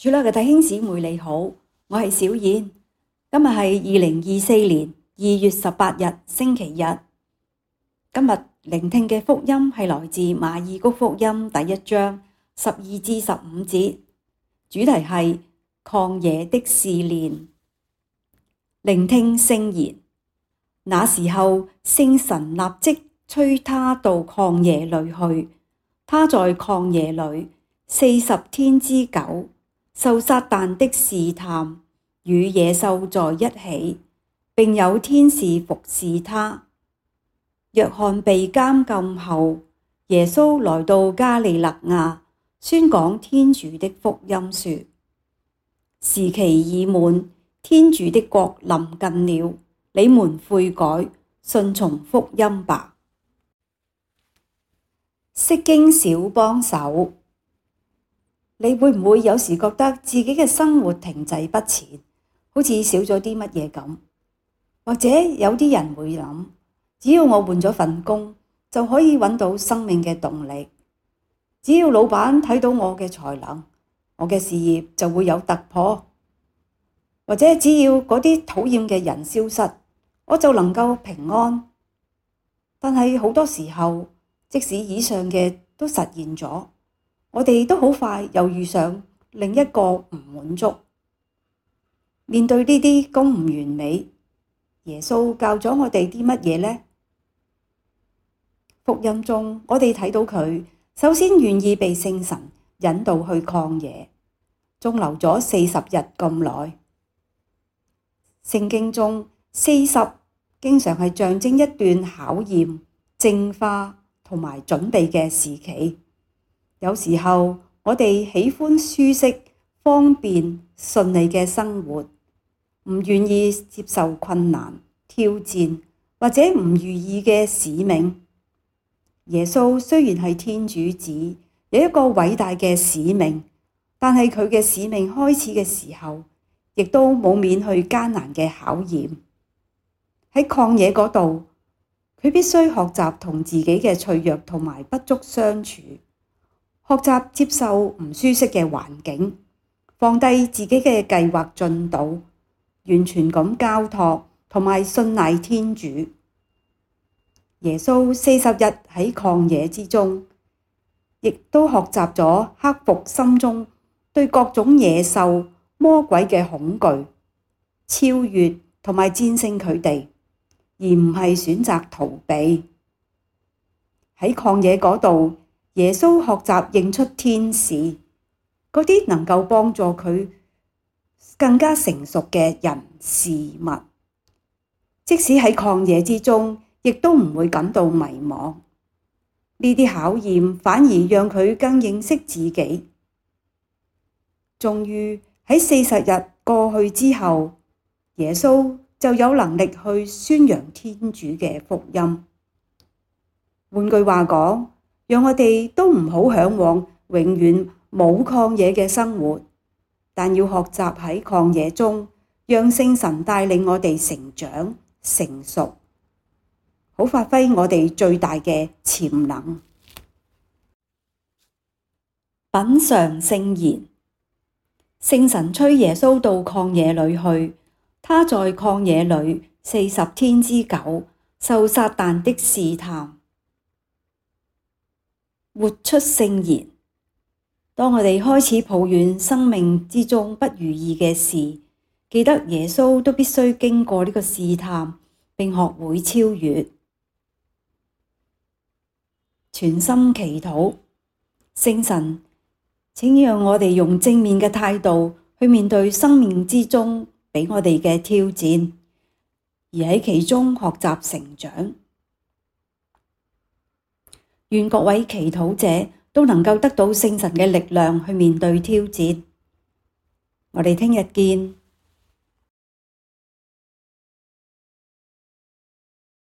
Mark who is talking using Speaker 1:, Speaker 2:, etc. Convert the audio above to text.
Speaker 1: 處拉嘅弟兄姊妹，你好，我係小燕。今日係二零二四年二月十八日，星期日。今日聆聽嘅福音係來自馬爾谷福音第一章十二至十五節，主題係曠野的試煉。聆聽聖言，那時候，聖神立即催他到曠野裏去。他在曠野裏四十天之久。受撒殫的試探，與野獸在一起，並有天使服侍他。若翰被監禁後，耶穌來到加里肋亞，宣講天主的福音，說：時期已滿，天主的國臨近了，你們悔改，信從福音吧。釋經小幫手。你會唔會有時覺得自己嘅生活停滯不前，好似少咗啲乜嘢咁？或者有啲人會諗，只要我換咗份工，就可以搵到生命嘅動力；只要老闆睇到我嘅才能，我嘅事業就會有突破；或者只要嗰啲討厭嘅人消失，我就能夠平安。但係好多時候，即使以上嘅都實現咗。我哋都好快又遇上另一個唔滿足，面對呢啲咁唔完美，耶穌教咗我哋啲乜嘢呢？福音中我哋睇到佢，首先願意被聖神引導去曠野，仲留咗四十日咁耐。聖經中四十經常係象徵一段考驗、淨化同埋準備嘅時期。有時候我哋喜歡舒適、方便、順利嘅生活，唔願意接受困難、挑戰或者唔如意嘅使命。耶穌雖然係天主子，有一個偉大嘅使命，但係佢嘅使命開始嘅時候，亦都冇免去艱難嘅考驗。喺曠野嗰度，佢必須學習同自己嘅脆弱同埋不足相處。學習接受唔舒適嘅環境，放低自己嘅計劃進度，完全咁交託同埋信賴天主。耶穌四十日喺曠野之中，亦都學習咗克服心中對各種野獸、魔鬼嘅恐懼，超越同埋戰勝佢哋，而唔係選擇逃避。喺曠野嗰度。耶穌學習認出天使，嗰啲能夠幫助佢更加成熟嘅人事物，即使喺曠野之中，亦都唔會感到迷茫。呢啲考驗反而讓佢更認識自己。終於喺四十日過去之後，耶穌就有能力去宣揚天主嘅福音。換句話講。讓我哋都唔好嚮往永遠冇曠野嘅生活，但要學習喺曠野中，讓聖神帶領我哋成長成熟，好發揮我哋最大嘅潛能。品嘗聖言，聖神催耶穌到曠野裏去，他在曠野裏四十天之久，受撒旦的試探。活出聖言。當我哋開始抱怨生命之中不如意嘅事，記得耶穌都必須經過呢個試探，並學會超越。全心祈禱，聖神，請讓我哋用正面嘅態度去面對生命之中俾我哋嘅挑戰，而喺其中學習成長。願各位祈禱者都能夠得到聖神嘅力量去面對挑戰。我哋聽日見。